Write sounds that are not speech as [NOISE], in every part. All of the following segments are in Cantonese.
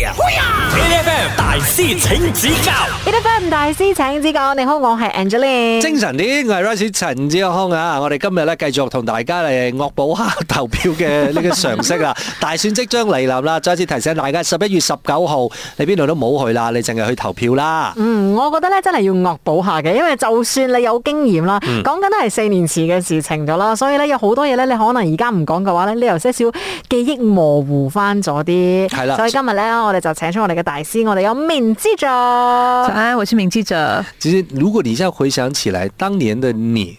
Yeah, F. 大師請指教，A. F. 大師請指教。你好，我係 Angeline。精神啲，我係 Royce 陳子康啊。我哋今日咧繼續同大家嚟惡補下投票嘅呢個常識啦。 [LAUGHS] 大選即將嚟臨啦，再次提醒大家，十一月十九號，你邊度都冇去啦，你淨係去投票啦。嗯，我覺得咧真係要惡補下嘅，因為就算你有經驗啦，講緊都係四年前嘅事情咗啦，所以咧有好多嘢咧，你可能而家唔講嘅話咧，你有少少記憶模糊翻咗啲。係啦，所以今日咧。我哋就請出我哋嘅大師，我哋有敏記者。好，我係敏記者。其實如果你要回想起來，當年的你。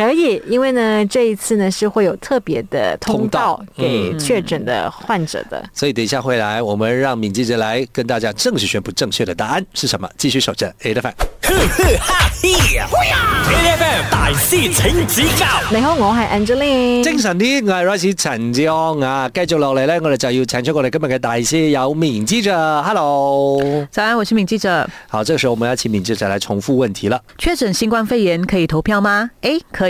可以，因為呢，這一次呢是會有特別的通道給確診的患者的。所以等一下回來，我們讓敏記者來跟大家正式宣布正確的答案是什麼。繼續守着。AI FM 大師請指教。你好，我係 Angeline。精神啲，我係 Royce 陳志昂啊。繼續落嚟我哋就要請出我哋今日嘅大師有敏記者。Hello，早安，我是敏記者。好，這個時候我們要請敏記者來重複問題了。確診新冠肺炎可以投票嗎？誒，可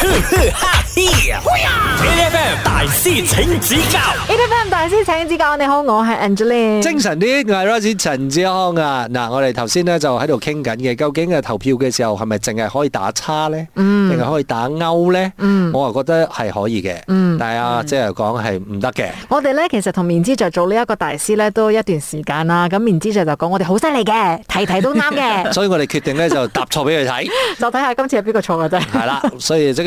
呵呵哈 a M 大師請指教 M、e、大師請指教。你好，我係 Angeline。精神啲，陳志康啊。嗱，我哋頭先咧就喺度傾緊嘅，究竟啊投票嘅時候係咪淨係可以打叉咧，定、嗯、係可以打勾咧？嗯，我話覺得係可以嘅、嗯。但係啊，嗯、即係講係唔得嘅。我哋咧其實同面之在做呢一個大師咧都一段時間啦。咁面之在就講我哋好犀利嘅，題題都啱嘅。 [LAUGHS] 所以我哋決定咧就答錯俾佢睇，就睇下今次係邊個錯嘅啫。係 [NOISE] 啦樂，所以即。